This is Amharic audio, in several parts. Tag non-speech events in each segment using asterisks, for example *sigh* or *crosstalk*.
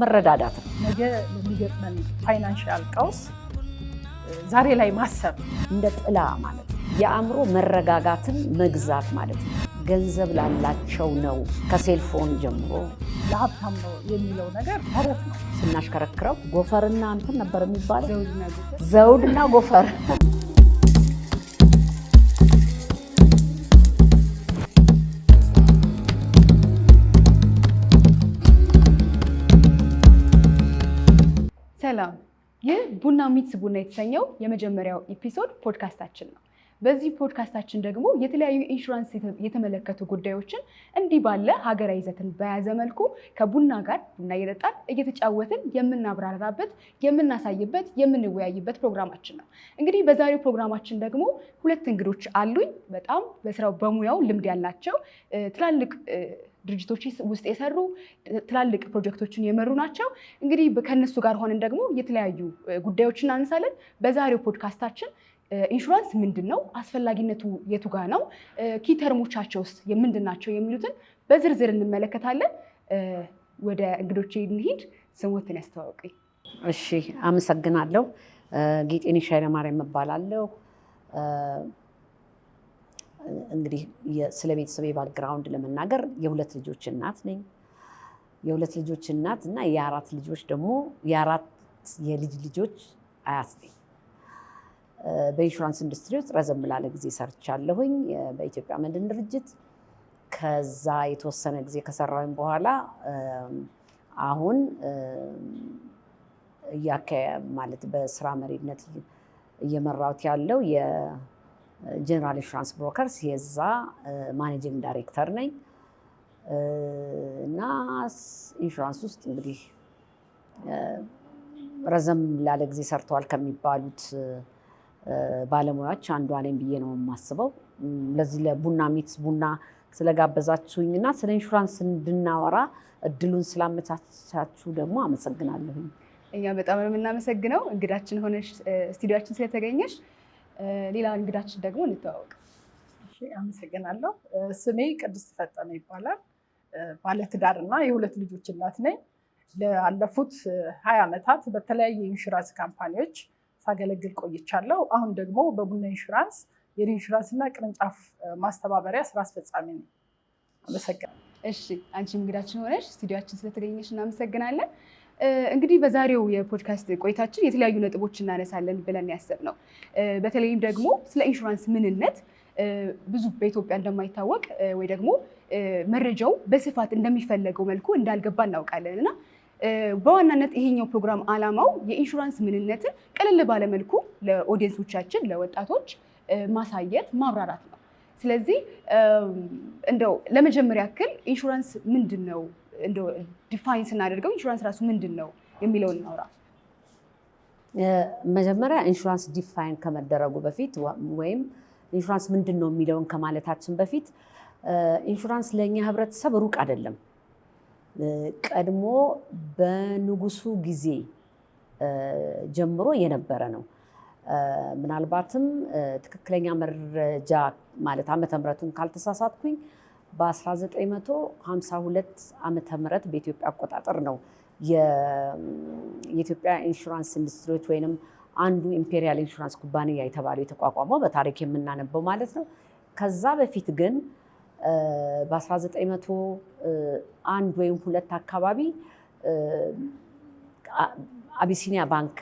መረዳዳት ነው። ነገ ለሚገጥመን ፋይናንሻል ቀውስ ዛሬ ላይ ማሰብ እንደ ጥላ ማለት ነው። የአእምሮ መረጋጋትን መግዛት ማለት ነው። ገንዘብ ላላቸው ነው። ከሴልፎን ጀምሮ ለሀብታም ነው የሚለው ነገር ተረት ነው። ስናሽከረክረው ጎፈርና እንትን ነበር የሚባለው ዘውድና ጎፈር ሰላም። ይህ ቡና ሚትስ ቡና የተሰኘው የመጀመሪያው ኤፒሶድ ፖድካስታችን ነው። በዚህ ፖድካስታችን ደግሞ የተለያዩ ኢንሹራንስ የተመለከቱ ጉዳዮችን እንዲህ ባለ ሀገራዊ ይዘትን በያዘ መልኩ ከቡና ጋር ቡና እየጠጣን እየተጫወትን የምናብራራበት፣ የምናሳይበት፣ የምንወያይበት ፕሮግራማችን ነው። እንግዲህ በዛሬው ፕሮግራማችን ደግሞ ሁለት እንግዶች አሉኝ። በጣም በስራው በሙያው ልምድ ያላቸው ትላልቅ ድርጅቶች ውስጥ የሰሩ ትላልቅ ፕሮጀክቶችን የመሩ ናቸው። እንግዲህ ከነሱ ጋር ሆነን ደግሞ የተለያዩ ጉዳዮችን እናነሳለን። በዛሬው ፖድካስታችን ኢንሹራንስ ምንድን ነው? አስፈላጊነቱ የቱ ጋ ነው? ኪተርሞቻቸውስ የምንድናቸው? የሚሉትን በዝርዝር እንመለከታለን። ወደ እንግዶቼ እንሂድ። ስሞትን ያስተዋውቅኝ። እሺ፣ አመሰግናለሁ። ጌጤነሽ ኃይለማርያም እባላለሁ። እንግዲህ ስለ ቤተሰቤ ባክግራውንድ ለመናገር የሁለት ልጆች እናት ነኝ። የሁለት ልጆች እናት እና የአራት ልጆች ደግሞ የአራት የልጅ ልጆች አያት ነኝ። በኢንሹራንስ ኢንዱስትሪ ውስጥ ረዘም ላለ ጊዜ ሰርቻለሁኝ በኢትዮጵያ መድን ድርጅት። ከዛ የተወሰነ ጊዜ ከሰራሁኝ በኋላ አሁን እያካሄድ ማለት በስራ መሪነት እየመራሁት ያለው የጀኔራል ኢንሹራንስ ብሮከርስ የዛ ማኔጂንግ ዳይሬክተር ነኝ እና ኢንሹራንስ ውስጥ እንግዲህ ረዘም ላለ ጊዜ ሰርተዋል ከሚባሉት ባለሙያዎች አንዷ ነኝ ብዬ ነው የማስበው። ለዚህ ለቡና ሚትስ ቡና ስለጋበዛችሁኝ እና ስለ ኢንሹራንስ እንድናወራ እድሉን ስላመቻቻችሁ ደግሞ አመሰግናለሁኝ። እኛ በጣም ነው የምናመሰግነው እንግዳችን ሆነሽ ስቱዲዮችን ስለተገኘሽ። ሌላ እንግዳችን ደግሞ እንተዋወቅ። አመሰግናለሁ። ስሜ ቅድስት ፈጠነ ይባላል። ባለትዳር እና የሁለት ልጆች እናት ነኝ። ለለፉት ሀያ ዓመታት በተለያዩ የኢንሹራንስ ካምፓኒዎች ሳገለግል ቆይቻለሁ። አሁን ደግሞ በቡና ኢንሹራንስ የኢንሹራንስ እና ቅርንጫፍ ማስተባበሪያ ስራ አስፈጻሚ ነው። አመሰግናለሁ። እሺ አንቺ እንግዳችን ሆነሽ ስቱዲዮችን ስለተገኘሽ እናመሰግናለን። እንግዲህ በዛሬው የፖድካስት ቆይታችን የተለያዩ ነጥቦች እናነሳለን ብለን ያሰብነው በተለይም ደግሞ ስለ ኢንሹራንስ ምንነት ብዙ በኢትዮጵያ እንደማይታወቅ ወይ ደግሞ መረጃው በስፋት እንደሚፈለገው መልኩ እንዳልገባ እናውቃለን እና በዋናነት ይሄኛው ፕሮግራም አላማው የኢንሹራንስ ምንነትን ቀለል ባለመልኩ ለኦዲየንሶቻችን ለወጣቶች ማሳየት ማብራራት ነው። ስለዚህ እንደው ለመጀመሪያ ያክል ኢንሹራንስ ምንድን ነው እንደው ዲፋይን ስናደርገው ኢንሹራንስ ራሱ ምንድን ነው የሚለውን እናውራ። መጀመሪያ ኢንሹራንስ ዲፋይን ከመደረጉ በፊት ወይም ኢንሹራንስ ምንድን ነው የሚለውን ከማለታችን በፊት ኢንሹራንስ ለእኛ ህብረተሰብ ሩቅ አይደለም። ቀድሞ በንጉሱ ጊዜ ጀምሮ የነበረ ነው። ምናልባትም ትክክለኛ መረጃ ማለት ዓመተ ምሕረቱን ካልተሳሳትኩኝ በ1952 ዓመተ ምሕረት በኢትዮጵያ አቆጣጠር ነው የኢትዮጵያ ኢንሹራንስ ኢንዱስትሪዎች ወይንም አንዱ ኢምፔሪያል ኢንሹራንስ ኩባንያ የተባለው የተቋቋመው በታሪክ የምናነበው ማለት ነው። ከዛ በፊት ግን በ1901 ወይም ሁለት አካባቢ አቢሲኒያ ባንክ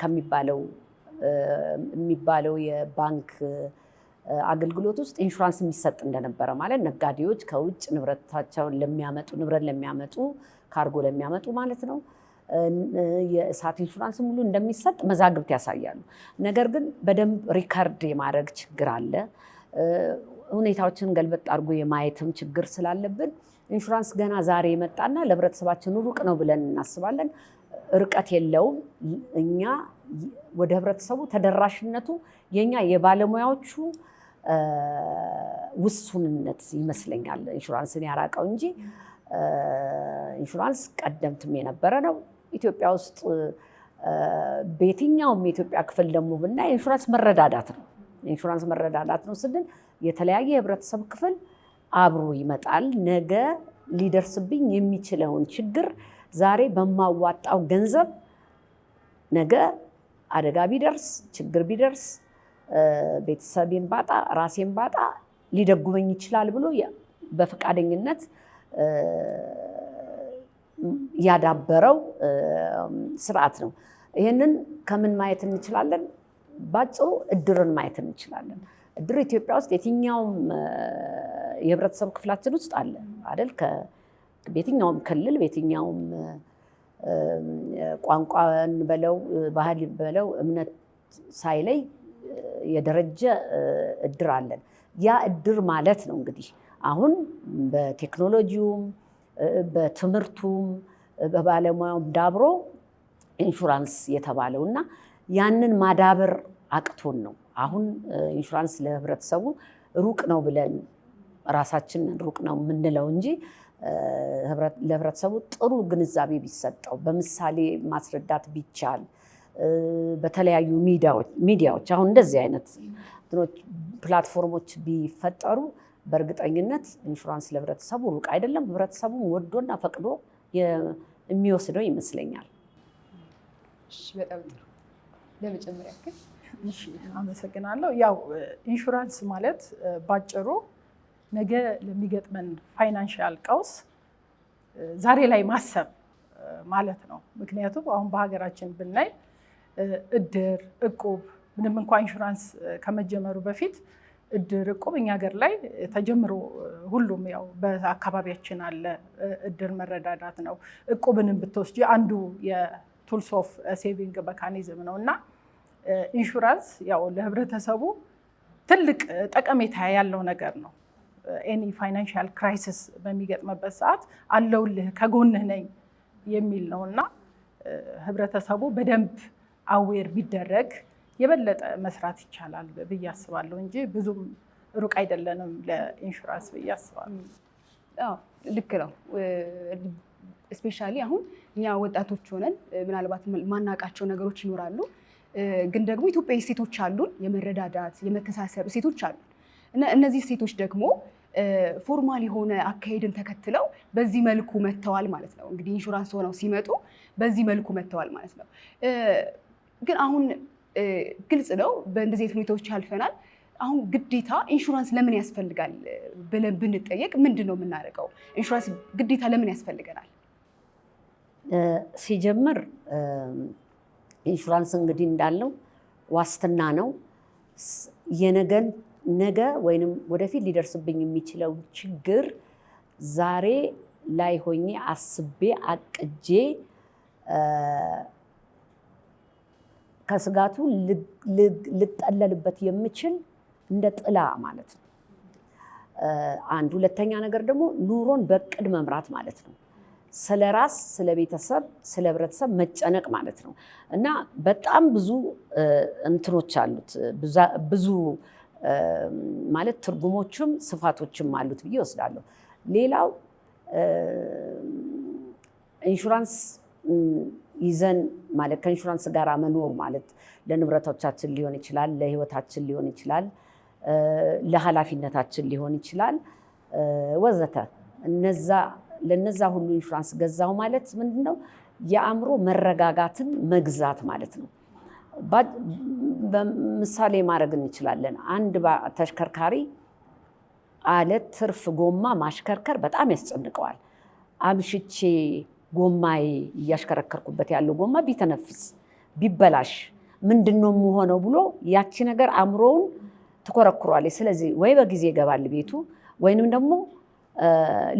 ከሚባለው የሚባለው የባንክ አገልግሎት ውስጥ ኢንሹራንስ የሚሰጥ እንደነበረ ማለት ነጋዴዎች ከውጭ ንብረታቸውን ለሚያመጡ ንብረት ለሚያመጡ ካርጎ ለሚያመጡ ማለት ነው የእሳት ኢንሹራንስ ሙሉ እንደሚሰጥ መዛግብት ያሳያሉ። ነገር ግን በደንብ ሪከርድ የማድረግ ችግር አለ። ሁኔታዎችን ገልበጥ አድርጎ የማየትም ችግር ስላለብን ኢንሹራንስ ገና ዛሬ የመጣና ለህብረተሰባችን ሩቅ ነው ብለን እናስባለን። ርቀት የለውም። እኛ ወደ ህብረተሰቡ ተደራሽነቱ የኛ የባለሙያዎቹ ውሱንነት ይመስለኛል ኢንሹራንስን ያራቀው እንጂ ኢንሹራንስ ቀደምትም የነበረ ነው ኢትዮጵያ ውስጥ። በየትኛውም የኢትዮጵያ ክፍል ደግሞ ብናይ ኢንሹራንስ መረዳዳት ነው። ኢንሹራንስ መረዳዳት ነው ስንል የተለያየ የህብረተሰብ ክፍል አብሮ ይመጣል። ነገ ሊደርስብኝ የሚችለውን ችግር ዛሬ በማዋጣው ገንዘብ ነገ አደጋ ቢደርስ ችግር ቢደርስ ቤተሰቤን ባጣ ራሴን ባጣ ሊደጉመኝ ይችላል ብሎ በፈቃደኝነት ያዳበረው ስርዓት ነው። ይህንን ከምን ማየት እንችላለን? ባጭሩ እድርን ማየት እንችላለን። እድር ኢትዮጵያ ውስጥ የትኛውም የህብረተሰብ ክፍላችን ውስጥ አለ አይደል? በየትኛውም ክልል በየትኛውም ቋንቋን በለው ባህል በለው እምነት ሳይለይ የደረጀ እድር አለን። ያ እድር ማለት ነው እንግዲህ አሁን በቴክኖሎጂውም በትምህርቱም በባለሙያውም ዳብሮ ኢንሹራንስ የተባለው እና ያንን ማዳበር አቅቶን ነው አሁን ኢንሹራንስ ለህብረተሰቡ ሩቅ ነው ብለን ራሳችንን ሩቅ ነው የምንለው እንጂ ለህብረተሰቡ ጥሩ ግንዛቤ ቢሰጠው በምሳሌ ማስረዳት ቢቻል በተለያዩ ሚዲያዎች አሁን እንደዚህ አይነት ፕላትፎርሞች ቢፈጠሩ በእርግጠኝነት ኢንሹራንስ ለህብረተሰቡ ሩቅ አይደለም። ህብረተሰቡ ወዶና ፈቅዶ የሚወስደው ይመስለኛል። በጣም ጥሩ። ለመጨመሪያ ያክል እሺ አመሰግናለሁ። ያው ኢንሹራንስ ማለት ባጭሩ ነገ ለሚገጥመን ፋይናንሻል ቀውስ ዛሬ ላይ ማሰብ ማለት ነው። ምክንያቱም አሁን በሀገራችን ብናይ እድር፣ እቁብ ምንም እንኳ ኢንሹራንስ ከመጀመሩ በፊት እድር፣ እቁብ እኛ ሀገር ላይ ተጀምሮ ሁሉም ያው በአካባቢያችን አለ። እድር መረዳዳት ነው። እቁብንም ብትወስጂ አንዱ የቱልስ ኦፍ ሴቪንግ መካኒዝም ነው እና ኢንሹራንስ ያው ለህብረተሰቡ ትልቅ ጠቀሜታ ያለው ነገር ነው። ኤኒ ፋይናንሽል ክራይሲስ በሚገጥምበት ሰዓት አለውልህ ከጎንህ ነኝ የሚል ነው እና ህብረተሰቡ በደንብ አዌር ቢደረግ የበለጠ መስራት ይቻላል ብዬ አስባለሁ እንጂ ብዙም ሩቅ አይደለንም ለኢንሹራንስ ብዬ አስባለሁ። ልክ ነው። እስፔሻሊ አሁን እኛ ወጣቶች ሆነን ምናልባት ማናቃቸው ነገሮች ይኖራሉ ግን ደግሞ ኢትዮጵያዊ ሴቶች አሉን፣ የመረዳዳት የመተሳሰብ ሴቶች አሉን እና እነዚህ ሴቶች ደግሞ ፎርማል የሆነ አካሄድን ተከትለው በዚህ መልኩ መጥተዋል ማለት ነው። እንግዲህ ኢንሹራንስ ሆነው ሲመጡ በዚህ መልኩ መጥተዋል ማለት ነው። ግን አሁን ግልጽ ነው፣ በእንደዚህ አይነት ሁኔታዎች ያልፈናል። አሁን ግዴታ ኢንሹራንስ ለምን ያስፈልጋል ብለን ብንጠየቅ ምንድን ነው የምናደርገው? ኢንሹራንስ ግዴታ ለምን ያስፈልገናል? ሲጀምር ኢንሹራንስ እንግዲህ እንዳለው ዋስትና ነው። የነገን ነገ ወይንም ወደፊት ሊደርስብኝ የሚችለው ችግር ዛሬ ላይ ሆኜ አስቤ አቅጄ ከስጋቱ ልጠለልበት የምችል እንደ ጥላ ማለት ነው። አንድ ሁለተኛ ነገር ደግሞ ኑሮን በእቅድ መምራት ማለት ነው። ስለ ራስ፣ ስለ ቤተሰብ፣ ስለ ህብረተሰብ መጨነቅ ማለት ነው እና በጣም ብዙ እንትኖች አሉት ብዙ ማለት ትርጉሞችም ስፋቶችም አሉት ብዬ እወስዳለሁ። ሌላው ኢንሹራንስ ይዘን ማለት ከኢንሹራንስ ጋር መኖር ማለት ለንብረቶቻችን ሊሆን ይችላል፣ ለህይወታችን ሊሆን ይችላል፣ ለኃላፊነታችን ሊሆን ይችላል ወዘተ እነዛ ለነዛ ሁሉ ኢንሹራንስ ገዛው ማለት ምንድን ነው? የአእምሮ መረጋጋትን መግዛት ማለት ነው። ምሳሌ ማድረግ እንችላለን። አንድ ተሽከርካሪ አለ ትርፍ ጎማ ማሽከርከር በጣም ያስጨንቀዋል። አምሽቼ ጎማዬ እያሽከረከርኩበት ያለው ጎማ ቢተነፍስ ቢበላሽ ምንድን ነው የምሆነው ብሎ ያቺ ነገር አእምሮውን ትኮረኩሯል ስለዚህ ወይ በጊዜ ይገባል ቤቱ ወይንም ደግሞ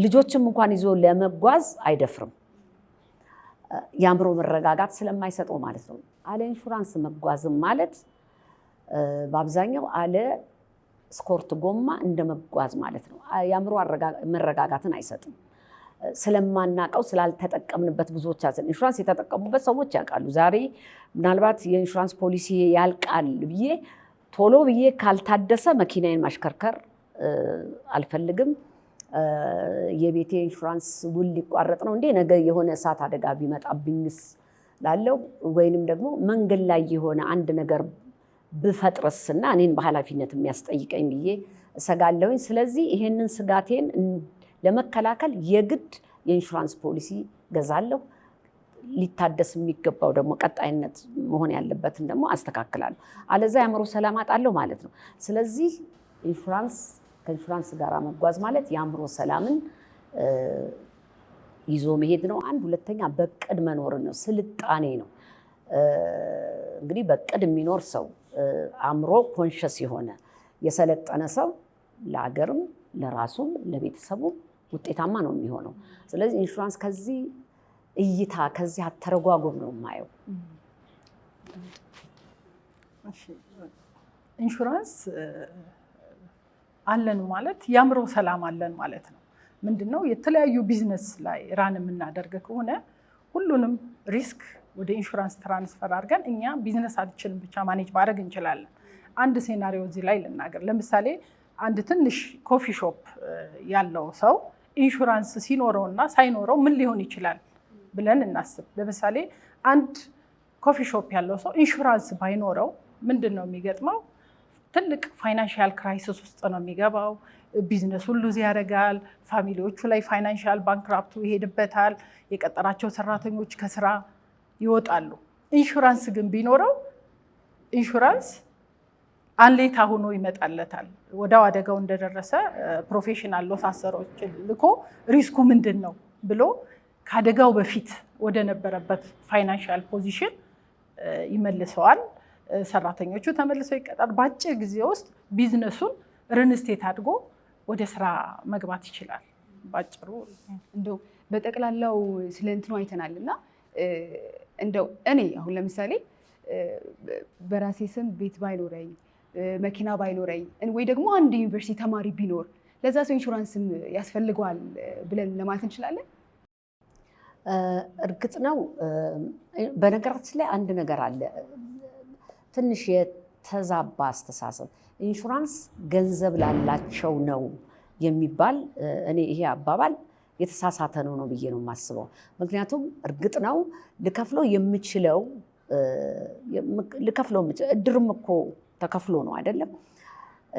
ልጆችም እንኳን ይዞ ለመጓዝ አይደፍርም። የአእምሮ መረጋጋት ስለማይሰጠው ማለት ነው። አለ ኢንሹራንስ መጓዝም ማለት በአብዛኛው አለ ስኮርት ጎማ እንደ መጓዝ ማለት ነው። የአእምሮ መረጋጋትን አይሰጥም። ስለማናቀው ስላልተጠቀምንበት ብዙዎቻችን ኢንሹራንስ የተጠቀሙበት ሰዎች ያውቃሉ። ዛሬ ምናልባት የኢንሹራንስ ፖሊሲ ያልቃል ብዬ ቶሎ ብዬ ካልታደሰ መኪናዬን ማሽከርከር አልፈልግም የቤቴ ኢንሹራንስ ውል ሊቋረጥ ነው እንዴ? ነገ የሆነ እሳት አደጋ ቢመጣብኝስ ላለው ወይንም ደግሞ መንገድ ላይ የሆነ አንድ ነገር ብፈጥርስ እና እኔን በኃላፊነት የሚያስጠይቀኝ ብዬ እሰጋለሁኝ። ስለዚህ ይሄንን ስጋቴን ለመከላከል የግድ የኢንሹራንስ ፖሊሲ ገዛለሁ። ሊታደስ የሚገባው ደግሞ ቀጣይነት መሆን ያለበትን ደግሞ አስተካክላለሁ። አለዛ የአእምሮ ሰላም አጣለሁ ማለት ነው። ስለዚህ ኢንሹራንስ ከኢንሹራንስ ጋር መጓዝ ማለት የአእምሮ ሰላምን ይዞ መሄድ ነው። አንድ ሁለተኛ በቅድ መኖር ነው፣ ስልጣኔ ነው። እንግዲህ በቅድ የሚኖር ሰው አእምሮ ኮንሸስ የሆነ የሰለጠነ ሰው ለሀገርም ለራሱም ለቤተሰቡ ውጤታማ ነው የሚሆነው። ስለዚህ ኢንሹራንስ ከዚህ እይታ ከዚህ አተረጓጎም ነው የማየው። ኢንሹራንስ አለን ማለት የአእምሮ ሰላም አለን ማለት ነው። ምንድን ነው የተለያዩ ቢዝነስ ላይ ራን የምናደርግ ከሆነ ሁሉንም ሪስክ ወደ ኢንሹራንስ ትራንስፈር አድርገን እኛ ቢዝነስ አልችልም ብቻ ማኔጅ ማድረግ እንችላለን። አንድ ሴናሪዮ እዚህ ላይ ልናገር። ለምሳሌ አንድ ትንሽ ኮፊ ሾፕ ያለው ሰው ኢንሹራንስ ሲኖረው እና ሳይኖረው ምን ሊሆን ይችላል ብለን እናስብ። ለምሳሌ አንድ ኮፊ ሾፕ ያለው ሰው ኢንሹራንስ ባይኖረው ምንድን ነው የሚገጥመው? ትልቅ ፋይናንሻል ክራይሲስ ውስጥ ነው የሚገባው። ቢዝነሱ ሉዝ ያደርጋል። ፋሚሊዎቹ ላይ ፋይናንሻል ባንክራፕቱ ይሄድበታል። የቀጠራቸው ሰራተኞች ከስራ ይወጣሉ። ኢንሹራንስ ግን ቢኖረው ኢንሹራንስ አንሌታ ሆኖ ይመጣለታል። ወዲያው አደጋው እንደደረሰ ፕሮፌሽናል ሎስ አሰሮች ልኮ ሪስኩ ምንድን ነው ብሎ ከአደጋው በፊት ወደ ነበረበት ፖዚሽን ይመልሰዋል። ሰራተኞቹ ተመልሰው ይቀጣል። በአጭር ጊዜ ውስጥ ቢዝነሱን ርንስቴት አድጎ ወደ ስራ መግባት ይችላል። ባጭሩ እንደው በጠቅላላው ስለ እንትኑ አይተናል እና እንደው እኔ አሁን ለምሳሌ በራሴ ስም ቤት ባይኖረኝ መኪና ባይኖረኝ ወይ ደግሞ አንድ ዩኒቨርሲቲ ተማሪ ቢኖር ለዛ ሰው ኢንሹራንስም ያስፈልገዋል ብለን ለማለት እንችላለን። እርግጥ ነው። በነገራችን ላይ አንድ ነገር አለ። ትንሽ የተዛባ አስተሳሰብ ኢንሹራንስ ገንዘብ ላላቸው ነው የሚባል እኔ ይሄ አባባል የተሳሳተ ነው ነው ብዬ ነው የማስበው። ምክንያቱም እርግጥ ነው ልከፍለው የምችለው ልከፍለው እድርም እኮ ተከፍሎ ነው አይደለም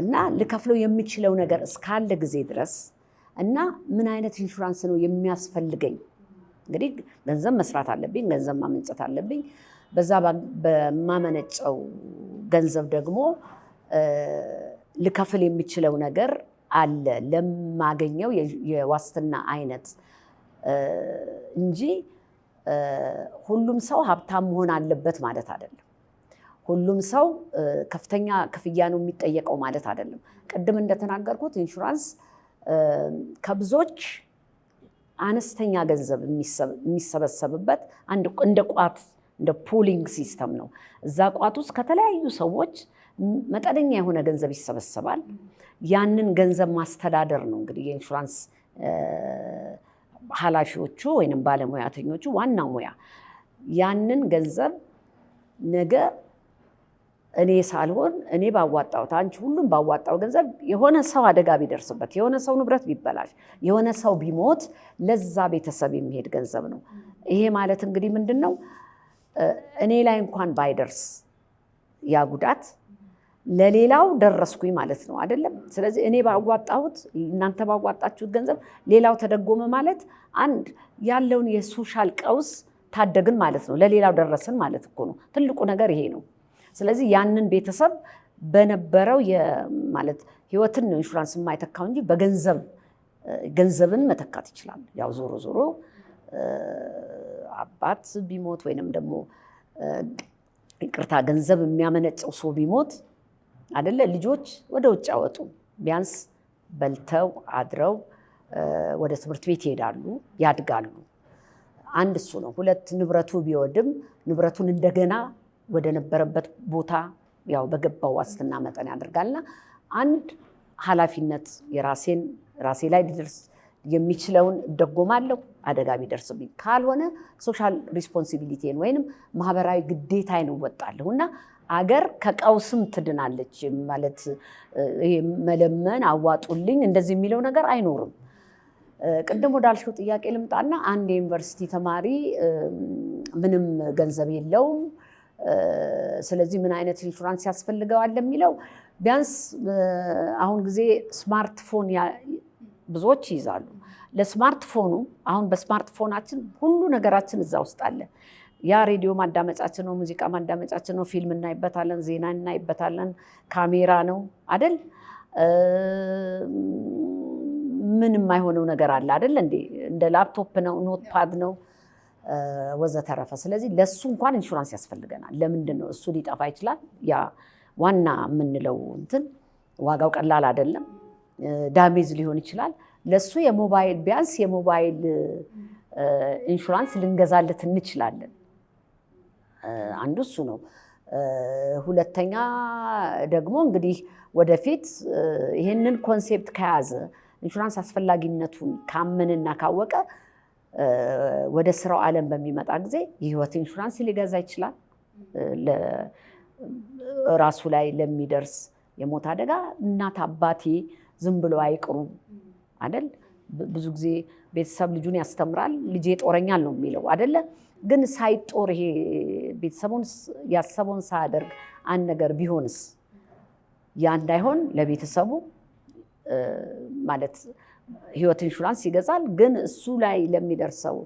እና ልከፍለው የምችለው ነገር እስካለ ጊዜ ድረስ እና ምን አይነት ኢንሹራንስ ነው የሚያስፈልገኝ? እንግዲህ ገንዘብ መስራት አለብኝ፣ ገንዘብ ማመንጨት አለብኝ። በዛ በማመነጨው ገንዘብ ደግሞ ልከፍል የሚችለው ነገር አለ ለማገኘው የዋስትና አይነት እንጂ ሁሉም ሰው ሀብታም መሆን አለበት ማለት አይደለም። ሁሉም ሰው ከፍተኛ ክፍያ ነው የሚጠየቀው ማለት አይደለም። ቅድም እንደተናገርኩት ኢንሹራንስ ከብዙዎች አነስተኛ ገንዘብ የሚሰበሰብበት እንደ ቋት እንደ ፑሊንግ ሲስተም ነው። እዛ ቋት ውስጥ ከተለያዩ ሰዎች መጠነኛ የሆነ ገንዘብ ይሰበሰባል። ያንን ገንዘብ ማስተዳደር ነው እንግዲህ የኢንሹራንስ ኃላፊዎቹ ወይም ባለሙያተኞቹ ዋና ሙያ። ያንን ገንዘብ ነገ እኔ ሳልሆን እኔ ባዋጣሁት አንቺ ሁሉም ባዋጣው ገንዘብ የሆነ ሰው አደጋ ቢደርስበት፣ የሆነ ሰው ንብረት ቢበላሽ፣ የሆነ ሰው ቢሞት ለዛ ቤተሰብ የሚሄድ ገንዘብ ነው። ይሄ ማለት እንግዲህ ምንድን ነው? እኔ ላይ እንኳን ባይደርስ ያ ጉዳት ለሌላው ደረስኩኝ ማለት ነው አይደለም። ስለዚህ እኔ ባዋጣሁት እናንተ ባዋጣችሁት ገንዘብ ሌላው ተደጎመ ማለት አንድ ያለውን የሶሻል ቀውስ ታደግን ማለት ነው፣ ለሌላው ደረስን ማለት እኮ ነው። ትልቁ ነገር ይሄ ነው። ስለዚህ ያንን ቤተሰብ በነበረው ማለት ህይወትን ነው ኢንሹራንስ የማይተካው እንጂ በገንዘብ ገንዘብን መተካት ይችላል። ያው ዞሮ ዞሮ አባት ቢሞት ወይንም ደግሞ ይቅርታ ገንዘብ የሚያመነጨው ሰው ቢሞት አደለ ልጆች ወደ ውጭ አወጡ። ቢያንስ በልተው አድረው ወደ ትምህርት ቤት ይሄዳሉ፣ ያድጋሉ። አንድ እሱ ነው። ሁለት ንብረቱ ቢወድም ንብረቱን እንደገና ወደ ነበረበት ቦታ ያው በገባው ዋስትና መጠን ያደርጋልና አንድ ኃላፊነት የራሴን ራሴ ላይ ሊደርስ የሚችለውን እደጎማለሁ አደጋ ቢደርስብኝ፣ ካልሆነ ሶሻል ሪስፖንሲቢሊቲን ወይንም ማህበራዊ ግዴታዬን እወጣለሁ እና አገር ከቀውስም ትድናለች ማለት መለመን አዋጡልኝ እንደዚህ የሚለው ነገር አይኖርም። ቅድም ወዳልሽው ጥያቄ ልምጣና አንድ የዩኒቨርሲቲ ተማሪ ምንም ገንዘብ የለውም፣ ስለዚህ ምን አይነት ኢንሹራንስ ያስፈልገዋል የሚለው ቢያንስ አሁን ጊዜ ስማርትፎን ብዙዎች ይይዛሉ። ለስማርትፎኑ አሁን በስማርትፎናችን ሁሉ ነገራችን እዛ ውስጥ አለ። ያ ሬዲዮ ማዳመጫችን ነው፣ ሙዚቃ ማዳመጫችን ነው፣ ፊልም እናይበታለን፣ ዜና እናይበታለን፣ ካሜራ ነው አደል? ምን የማይሆነው ነገር አለ አደል እንዴ? እንደ ላፕቶፕ ነው፣ ኖትፓድ ነው ወዘተረፈ። ስለዚህ ለእሱ እንኳን ኢንሹራንስ ያስፈልገናል። ለምንድን ነው እሱ ሊጠፋ ይችላል? ያ ዋና የምንለው እንትን ዋጋው ቀላል አይደለም። ዳሜዝ ሊሆን ይችላል። ለሱ የሞባይል ቢያንስ የሞባይል ኢንሹራንስ ልንገዛለት እንችላለን። አንዱ እሱ ነው። ሁለተኛ ደግሞ እንግዲህ ወደፊት ይህንን ኮንሴፕት ከያዘ ኢንሹራንስ አስፈላጊነቱን ካመንና ካወቀ ወደ ስራው ዓለም በሚመጣ ጊዜ የህይወት ኢንሹራንስ ሊገዛ ይችላል። ራሱ ላይ ለሚደርስ የሞት አደጋ እናት አባቴ ዝም ብሎ አይቅሩም አደል? ብዙ ጊዜ ቤተሰብ ልጁን ያስተምራል። ልጅ ጦረኛል ነው የሚለው አደለ? ግን ሳይጦር ይሄ ቤተሰቡን ያሰበውን ሳያደርግ አንድ ነገር ቢሆንስ? ያ እንዳይሆን ለቤተሰቡ ማለት ህይወት ኢንሹራንስ ይገዛል። ግን እሱ ላይ ለሚደርሰው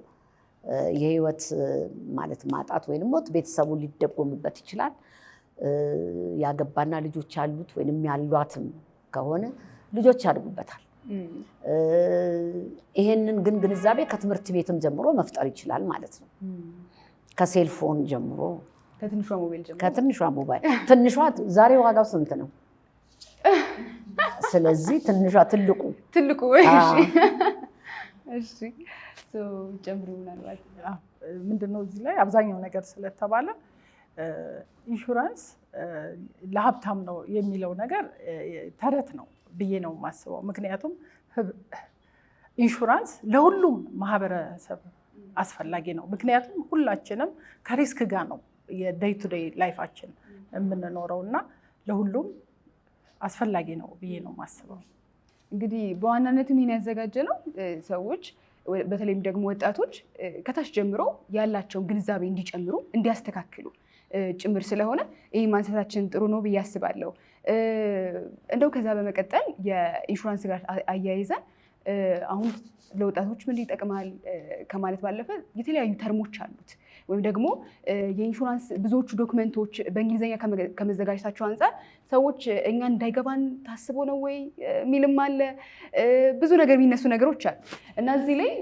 የህይወት ማለት ማጣት ወይም ሞት ቤተሰቡ ሊደጎምበት ይችላል። ያገባና ልጆች ያሉት ወይም ያሏትም ከሆነ ልጆች ያድጉበታል። ይሄንን ግን ግንዛቤ ከትምህርት ቤትም ጀምሮ መፍጠር ይችላል ማለት ነው። ከሴልፎን ጀምሮ ከትንሿ ሞባይል ትንሿ ዛሬ ዋጋው ስንት ነው? ስለዚህ ትንሿ ትልቁ ትልቁ ጨምሪ ምናልባት እዚህ ላይ አብዛኛው ነገር ስለተባለ ኢንሹራንስ ለሀብታም ነው የሚለው ነገር ተረት ነው። ብዬ ነው የማስበው። ምክንያቱም ኢንሹራንስ ለሁሉም ማህበረሰብ አስፈላጊ ነው። ምክንያቱም ሁላችንም ከሪስክ ጋር ነው የደይ ቱ ደይ ላይፋችን የምንኖረው እና ለሁሉም አስፈላጊ ነው ብዬ ነው የማስበው። እንግዲህ በዋናነት ይህን ያዘጋጀ ነው ሰዎች በተለይም ደግሞ ወጣቶች ከታች ጀምሮ ያላቸውን ግንዛቤ እንዲጨምሩ እንዲያስተካክሉ ጭምር ስለሆነ ይህ ማንሳታችን ጥሩ ነው ብዬ አስባለሁ። እንደው ከዛ በመቀጠል የኢንሹራንስ ጋር አያይዘን አሁን ለወጣቶች ምን ይጠቅማል ከማለት ባለፈ የተለያዩ ተርሞች አሉት ወይም ደግሞ የኢንሹራንስ ብዙዎቹ ዶክመንቶች በእንግሊዝኛ ከመዘጋጀታቸው አንጻር ሰዎች እኛ እንዳይገባን ታስቦ ነው ወይ የሚልም አለ። ብዙ ነገር የሚነሱ ነገሮች አሉ እና እዚህ ላይ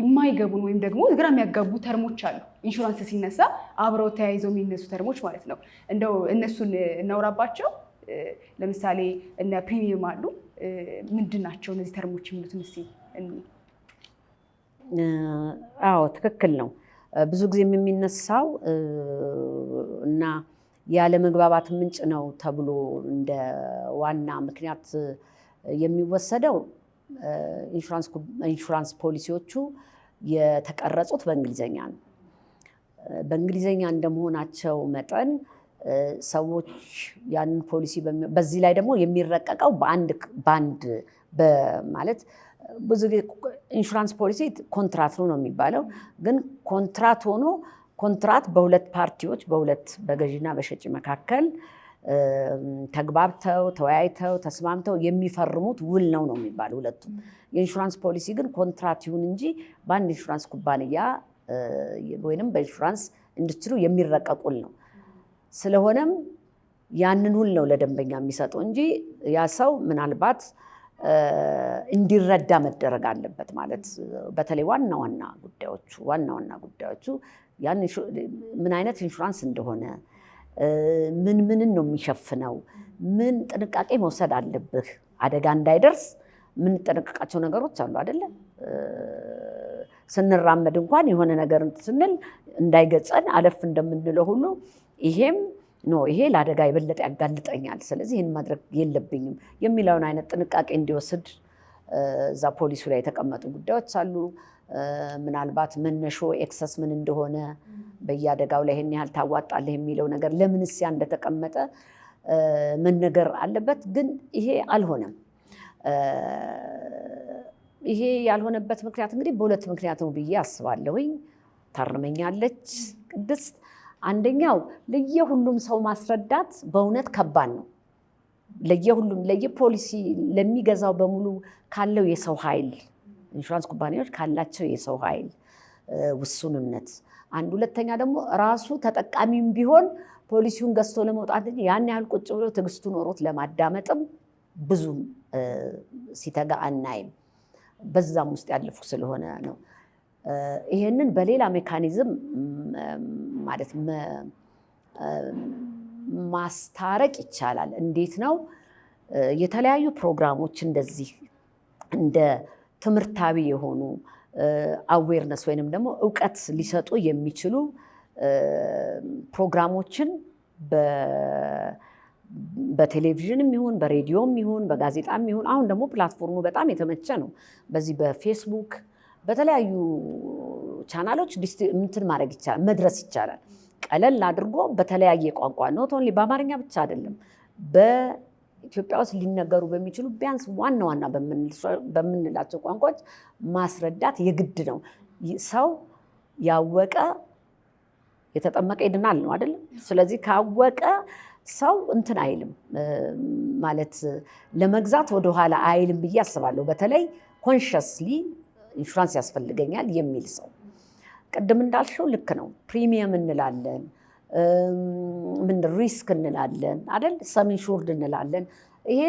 የማይገቡን ወይም ደግሞ ግራ የሚያጋቡ ተርሞች አሉ። ኢንሹራንስ ሲነሳ አብረው ተያይዘው የሚነሱ ተርሞች ማለት ነው። እንደው እነሱን እናውራባቸው። ለምሳሌ እነ ፕሪሚየም አሉ። ምንድን ናቸው እነዚህ ተርሞች የሚሉት? ምስ አዎ ትክክል ነው። ብዙ ጊዜም የሚነሳው እና ያለ መግባባት ምንጭ ነው ተብሎ እንደ ዋና ምክንያት የሚወሰደው ኢንሹራንስ ፖሊሲዎቹ የተቀረጹት በእንግሊዘኛ ነው። በእንግሊዘኛ እንደመሆናቸው መጠን ሰዎች ያንን ፖሊሲ በዚህ ላይ ደግሞ የሚረቀቀው በአንድ ባንድ በማለት ብዙ ጊዜ ኢንሹራንስ ፖሊሲ ኮንትራት ነው የሚባለው፣ ግን ኮንትራት ሆኖ ኮንትራት በሁለት ፓርቲዎች በሁለት በገዢና በሸጪ መካከል ተግባብተው ተወያይተው ተስማምተው የሚፈርሙት ውል ነው ነው የሚባል ሁለቱ። የኢንሹራንስ ፖሊሲ ግን ኮንትራት ይሁን እንጂ በአንድ ኢንሹራንስ ኩባንያ ወይም በኢንሹራንስ ኢንዱስትሪ የሚረቀቅ ውል ነው። ስለሆነም ያንን ውል ነው ለደንበኛ የሚሰጡ እንጂ ያ ሰው ምናልባት እንዲረዳ መደረግ አለበት ማለት በተለይ ዋና ዋና ጉዳዮቹ ዋና ዋና ጉዳዮቹ ምን አይነት ኢንሹራንስ እንደሆነ ምን ምንን ነው የሚሸፍነው፣ ምን ጥንቃቄ መውሰድ አለብህ፣ አደጋ እንዳይደርስ የምንጠነቀቃቸው ነገሮች አሉ አይደለ? ስንራመድ እንኳን የሆነ ነገር ስንል እንዳይገጸን አለፍ እንደምንለው ሁሉ ይሄም ኖ ይሄ ለአደጋ የበለጠ ያጋልጠኛል፣ ስለዚህ ይህን ማድረግ የለብኝም የሚለውን አይነት ጥንቃቄ እንዲወስድ እዛ ፖሊሱ ላይ የተቀመጡ ጉዳዮች አሉ። ምናልባት መነሾ ኤክሰስ ምን እንደሆነ በየአደጋው ላይ ይህን ያህል ታዋጣለህ የሚለው ነገር ለምን ያ እንደተቀመጠ መነገር አለበት። ግን ይሄ አልሆነም። ይሄ ያልሆነበት ምክንያት እንግዲህ በሁለት ምክንያት ነው ብዬ አስባለሁኝ። ታርመኛለች ቅድስት። አንደኛው ለየሁሉም ሰው ማስረዳት በእውነት ከባድ ነው። ለየሁሉም ለየፖሊሲ ለሚገዛው በሙሉ ካለው የሰው ኃይል ኢንሹራንስ ኩባንያዎች ካላቸው የሰው ኃይል ውሱንነት አንድ፣ ሁለተኛ ደግሞ ራሱ ተጠቃሚም ቢሆን ፖሊሲውን ገዝቶ ለመውጣት ያን ያህል ቁጭ ብሎ ትዕግስቱ ኖሮት ለማዳመጥም ብዙም ሲተጋ አናይም። በዛም ውስጥ ያለፉ ስለሆነ ነው። ይሄንን በሌላ ሜካኒዝም ማለት ማስታረቅ ይቻላል። እንዴት ነው? የተለያዩ ፕሮግራሞች እንደዚህ እንደ ትምህርታዊ የሆኑ አዌርነስ ወይንም ደግሞ እውቀት ሊሰጡ የሚችሉ ፕሮግራሞችን በቴሌቪዥንም ይሁን በሬዲዮም ይሁን በጋዜጣም ይሁን አሁን ደግሞ ፕላትፎርሙ በጣም የተመቸ ነው። በዚህ በፌስቡክ በተለያዩ ቻናሎች እንትን ማድረግ ይቻላል፣ መድረስ ይቻላል። ቀለል አድርጎ በተለያየ ቋንቋ ኖት ኦንሊ በአማርኛ ብቻ አይደለም ኢትዮጵያ ውስጥ ሊነገሩ በሚችሉ ቢያንስ ዋና ዋና በምንላቸው ቋንቋዎች ማስረዳት የግድ ነው። ሰው ያወቀ የተጠመቀ ይድናል ነው አይደለም? ስለዚህ ካወቀ ሰው እንትን አይልም ማለት ለመግዛት ወደኋላ አይልም ብዬ አስባለሁ። በተለይ ኮንሽስሊ ኢንሹራንስ ያስፈልገኛል የሚል ሰው ቅድም እንዳልሽው ልክ ነው። ፕሪሚየም እንላለን ምን ሪስክ እንላለን አይደል? ሰም ኢንሹርድ እንላለን። ይሄ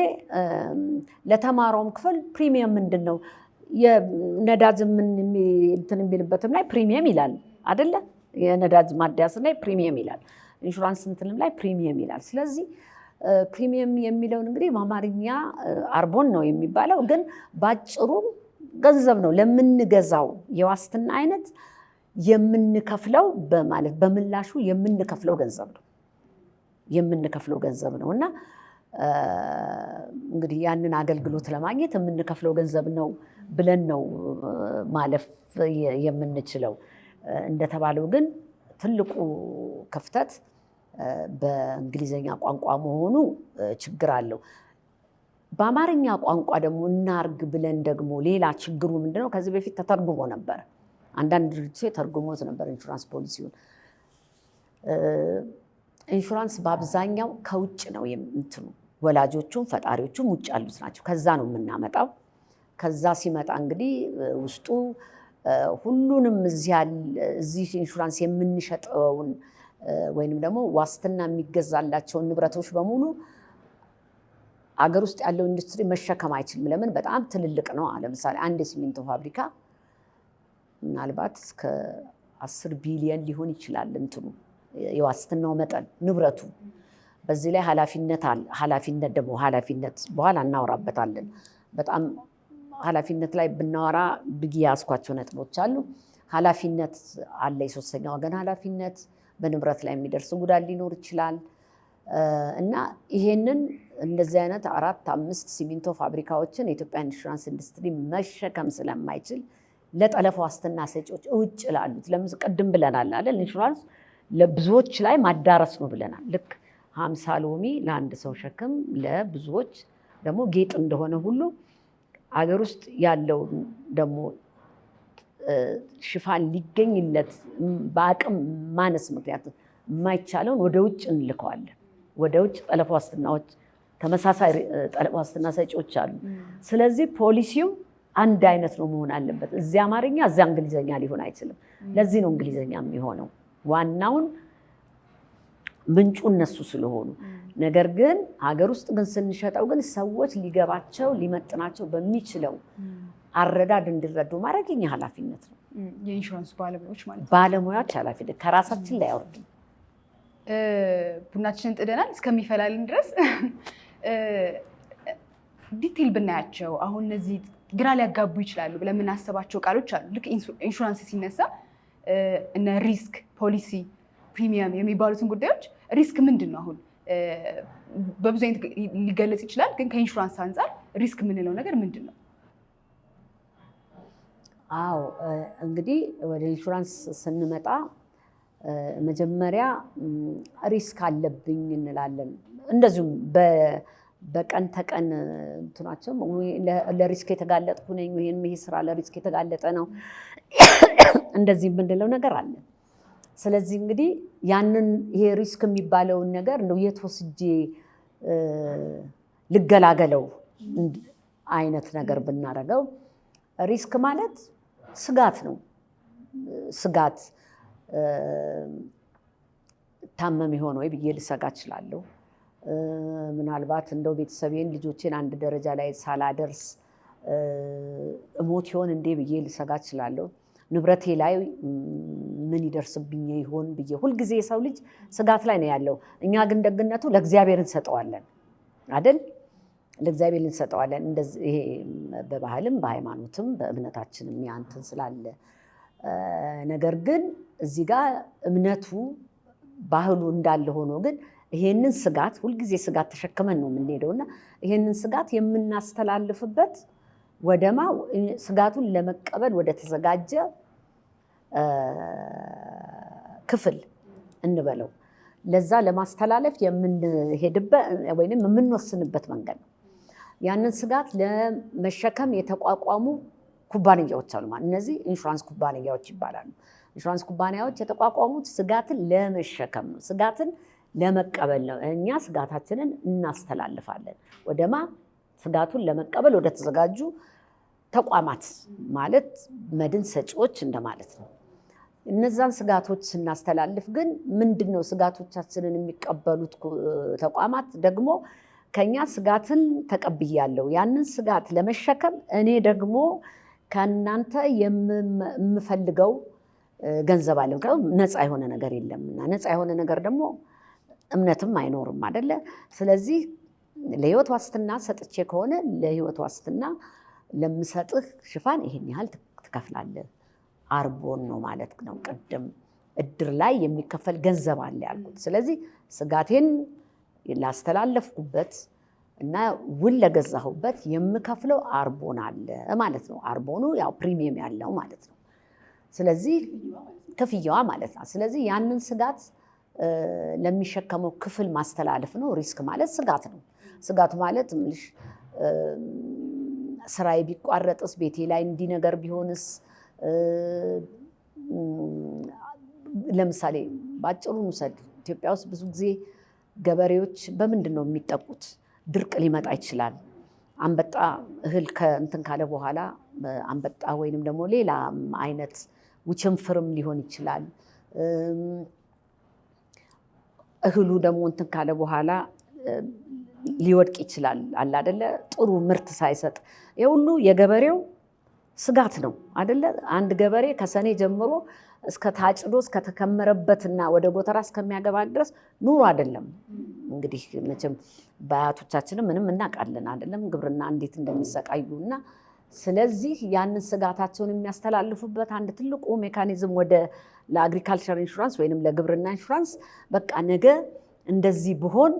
ለተማረውም ክፍል ፕሪሚየም ምንድን ነው የነዳጅ እንትን የሚልበትም ላይ ፕሪሚየም ይላል አይደለ? የነዳጅ ማደያስ ላይ ፕሪሚየም ይላል፣ ኢንሹራንስ እንትንም ላይ ፕሪሚየም ይላል። ስለዚህ ፕሪሚየም የሚለውን እንግዲህ በአማርኛ አርቦን ነው የሚባለው፣ ግን ባጭሩ ገንዘብ ነው ለምንገዛው የዋስትና አይነት የምንከፍለው በማለት በምላሹ የምንከፍለው ገንዘብ ነው የምንከፍለው ገንዘብ ነው እና እንግዲህ ያንን አገልግሎት ለማግኘት የምንከፍለው ገንዘብ ነው ብለን ነው ማለፍ የምንችለው። እንደተባለው ግን ትልቁ ክፍተት በእንግሊዝኛ ቋንቋ መሆኑ ችግር አለው። በአማርኛ ቋንቋ ደግሞ እናርግ ብለን ደግሞ ሌላ ችግሩ ምንድነው? ከዚህ በፊት ተተርጉሞ ነበር አንዳንድ ድርጅቶች የተርጉሞት ነበር ኢንሹራንስ ፖሊሲውን። ኢንሹራንስ በአብዛኛው ከውጭ ነው የምትኑ ወላጆቹም ፈጣሪዎቹም ውጭ ያሉት ናቸው። ከዛ ነው የምናመጣው። ከዛ ሲመጣ እንግዲህ ውስጡ ሁሉንም እዚህ ኢንሹራንስ የምንሸጠውን ወይንም ደግሞ ዋስትና የሚገዛላቸውን ንብረቶች በሙሉ አገር ውስጥ ያለው ኢንዱስትሪ መሸከም አይችልም። ለምን? በጣም ትልልቅ ነው። ለምሳሌ አንድ የሲሚንቶ ፋብሪካ ምናልባት እስከ አስር ቢሊየን ሊሆን ይችላል እንትኑ የዋስትናው መጠን ንብረቱ። በዚህ ላይ ኃላፊነት አለ። ኃላፊነት ደግሞ ኃላፊነት በኋላ እናወራበታለን። በጣም ኃላፊነት ላይ ብናወራ ብግ ያዝኳቸው ነጥቦች አሉ። ኃላፊነት አለ። የሶስተኛ ወገን ኃላፊነት በንብረት ላይ የሚደርስ ጉዳት ሊኖር ይችላል እና ይሄንን እንደዚህ አይነት አራት አምስት ሲሚንቶ ፋብሪካዎችን የኢትዮጵያ ኢንሹራንስ ኢንዱስትሪ መሸከም ስለማይችል ለጠለፍ ዋስትና ሰጪዎች እውጭ ላሉት ለምን ቅድም ብለናል አይደል? ኢንሹራንስ ለብዙዎች ላይ ማዳረስ ነው ብለናል። ልክ ሀምሳ ሎሚ ለአንድ ሰው ሸክም ለብዙዎች ደግሞ ጌጥ እንደሆነ ሁሉ አገር ውስጥ ያለው ደግሞ ሽፋን ሊገኝለት በአቅም ማነስ ምክንያት የማይቻለውን ወደ ውጭ እንልከዋለን። ወደ ውጭ ጠለፍ ዋስትናዎች ተመሳሳይ ጠለፍ ዋስትና ሰጪዎች አሉ። ስለዚህ ፖሊሲው አንድ አይነት ነው መሆን አለበት። እዚያ አማርኛ እዚያ እንግሊዘኛ ሊሆን አይችልም። ለዚህ ነው እንግሊዘኛ የሚሆነው ዋናውን ምንጩ እነሱ ስለሆኑ። ነገር ግን ሀገር ውስጥ ግን ስንሸጠው ግን ሰዎች ሊገባቸው ሊመጥናቸው በሚችለው አረዳድ እንዲረዱ ማድረግ የኛ ኃላፊነት ነው። የኢንሹራንስ ባለሙያዎች ማለት ባለሙያዎች ኃላፊነት ከራሳችን ላይ አውርድም። ቡናችንን ጥደናል እስከሚፈላልን ድረስ ዲቴል ብናያቸው አሁን እነዚህ ግራ ሊያጋቡ ይችላሉ ብለን የምናስባቸው ቃሎች አሉ። ልክ ኢንሹራንስ ሲነሳ እነ ሪስክ፣ ፖሊሲ፣ ፕሪሚየም የሚባሉትን ጉዳዮች ሪስክ ምንድን ነው አሁን በብዙ አይነት ሊገለጽ ይችላል። ግን ከኢንሹራንስ አንጻር ሪስክ የምንለው ነገር ምንድን ነው? አዎ እንግዲህ ወደ ኢንሹራንስ ስንመጣ መጀመሪያ ሪስክ አለብኝ እንላለን። እንደዚሁም በቀን ተቀን እንትናቸው ለሪስክ የተጋለጥኩ ነኝ ወይም ይሄ ስራ ለሪስክ የተጋለጠ ነው *coughs* እንደዚህ የምንለው ነገር አለ። ስለዚህ እንግዲህ ያንን ይሄ ሪስክ የሚባለውን ነገር እንደው የት ወስጄ ልገላገለው አይነት ነገር ብናደርገው፣ ሪስክ ማለት ስጋት ነው። ስጋት ታመም የሆነ ወይ ብዬ ልሰጋ እችላለሁ። ምናልባት እንደው ቤተሰቤን ልጆቼን አንድ ደረጃ ላይ ሳላደርስ እሞት ይሆን እንዴ ብዬ ልሰጋ እችላለሁ። ንብረቴ ላይ ምን ይደርስብኝ ይሆን ብዬ ሁልጊዜ የሰው ልጅ ስጋት ላይ ነው ያለው። እኛ ግን ደግነቱ ለእግዚአብሔር እንሰጠዋለን አደል ለእግዚአብሔር እንሰጠዋለን። ይሄ በባህልም በሃይማኖትም በእምነታችንም ያንትን ስላለ ነገር ግን እዚህ ጋር እምነቱ ባህሉ እንዳለ ሆኖ ግን ይሄንን ስጋት ሁልጊዜ ስጋት ተሸክመን ነው የምንሄደው እና ይሄንን ስጋት የምናስተላልፍበት ወደማ ስጋቱን ለመቀበል ወደ ተዘጋጀ ክፍል እንበለው ለዛ ለማስተላለፍ የምንሄድበት ወይም የምንወስንበት መንገድ ነው። ያንን ስጋት ለመሸከም የተቋቋሙ ኩባንያዎች አሉ። ማለት እነዚህ ኢንሹራንስ ኩባንያዎች ይባላሉ። ኢንሹራንስ ኩባንያዎች የተቋቋሙት ስጋትን ለመሸከም ነው። ስጋትን ለመቀበል ነው። እኛ ስጋታችንን እናስተላልፋለን ወደማ ስጋቱን ለመቀበል ወደ ተዘጋጁ ተቋማት ማለት መድን ሰጪዎች እንደማለት ነው። እነዛን ስጋቶች ስናስተላልፍ ግን ምንድን ነው ስጋቶቻችንን የሚቀበሉት ተቋማት ደግሞ ከኛ ስጋትን ተቀብያለሁ፣ ያንን ስጋት ለመሸከም እኔ ደግሞ ከእናንተ የምፈልገው ገንዘብ አለ። ነፃ የሆነ ነገር የለምና ነፃ የሆነ ነገር ደግሞ እምነትም አይኖርም አደለ? ስለዚህ ለህይወት ዋስትና ሰጥቼ ከሆነ ለህይወት ዋስትና ለምሰጥህ ሽፋን ይሄን ያህል ትከፍላለህ። አርቦን ነው ማለት ነው። ቅድም እድር ላይ የሚከፈል ገንዘብ አለ ያልኩት። ስለዚህ ስጋቴን ላስተላለፍኩበት እና ውል ለገዛሁበት የምከፍለው አርቦን አለ ማለት ነው። አርቦኑ ያው ፕሪሚየም ያለው ማለት ነው። ስለዚህ ክፍያዋ ማለት ነው። ስለዚህ ያንን ስጋት ለሚሸከመው ክፍል ማስተላለፍ ነው። ሪስክ ማለት ስጋት ነው። ስጋት ማለት ምልሽ ስራዬ ቢቋረጥስ፣ ቤቴ ላይ እንዲህ ነገር ቢሆንስ፣ ለምሳሌ በአጭሩ ውሰድ። ኢትዮጵያ ውስጥ ብዙ ጊዜ ገበሬዎች በምንድን ነው የሚጠቁት? ድርቅ ሊመጣ ይችላል። አንበጣ እህል ከእንትን ካለ በኋላ አንበጣ ወይንም ደግሞ ሌላ አይነት ውችንፍርም ሊሆን ይችላል። እህሉ ደግሞ እንትን ካለ በኋላ ሊወድቅ ይችላል። አለ አደለ? ጥሩ ምርት ሳይሰጥ የሁሉ ሁሉ የገበሬው ስጋት ነው አደለ? አንድ ገበሬ ከሰኔ ጀምሮ እስከ ታጭዶ እስከተከመረበትና ወደ ጎተራ እስከሚያገባ ድረስ ኑሮ አይደለም። እንግዲህ መቼም በአያቶቻችንም ምንም እናውቃለን አይደለም ግብርና እንዴት እንደሚሰቃዩ እና ስለዚህ ያንን ስጋታቸውን የሚያስተላልፉበት አንድ ትልቁ ሜካኒዝም ወደ ለአግሪካልቸር ኢንሹራንስ ወይም ለግብርና ኢንሹራንስ በቃ ነገ እንደዚህ ብሆን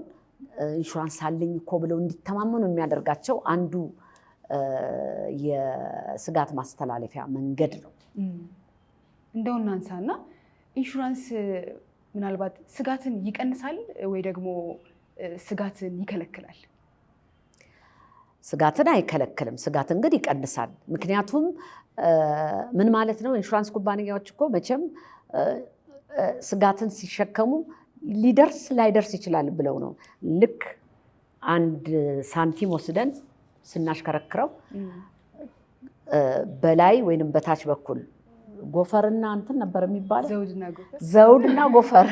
ኢንሹራንስ አለኝ እኮ ብለው እንዲተማመኑ የሚያደርጋቸው አንዱ የስጋት ማስተላለፊያ መንገድ ነው። እንደው እናንሳና ኢንሹራንስ ምናልባት ስጋትን ይቀንሳል ወይ ደግሞ ስጋትን ይከለክላል? ስጋትን አይከለክልም። ስጋትን ግን ይቀንሳል። ምክንያቱም ምን ማለት ነው? ኢንሹራንስ ኩባንያዎች እኮ መቼም ስጋትን ሲሸከሙ ሊደርስ ላይደርስ ይችላል ብለው ነው። ልክ አንድ ሳንቲም ወስደን ስናሽከረክረው በላይ ወይንም በታች በኩል ጎፈርና እንትን ነበር የሚባለው ዘውድና ጎፈር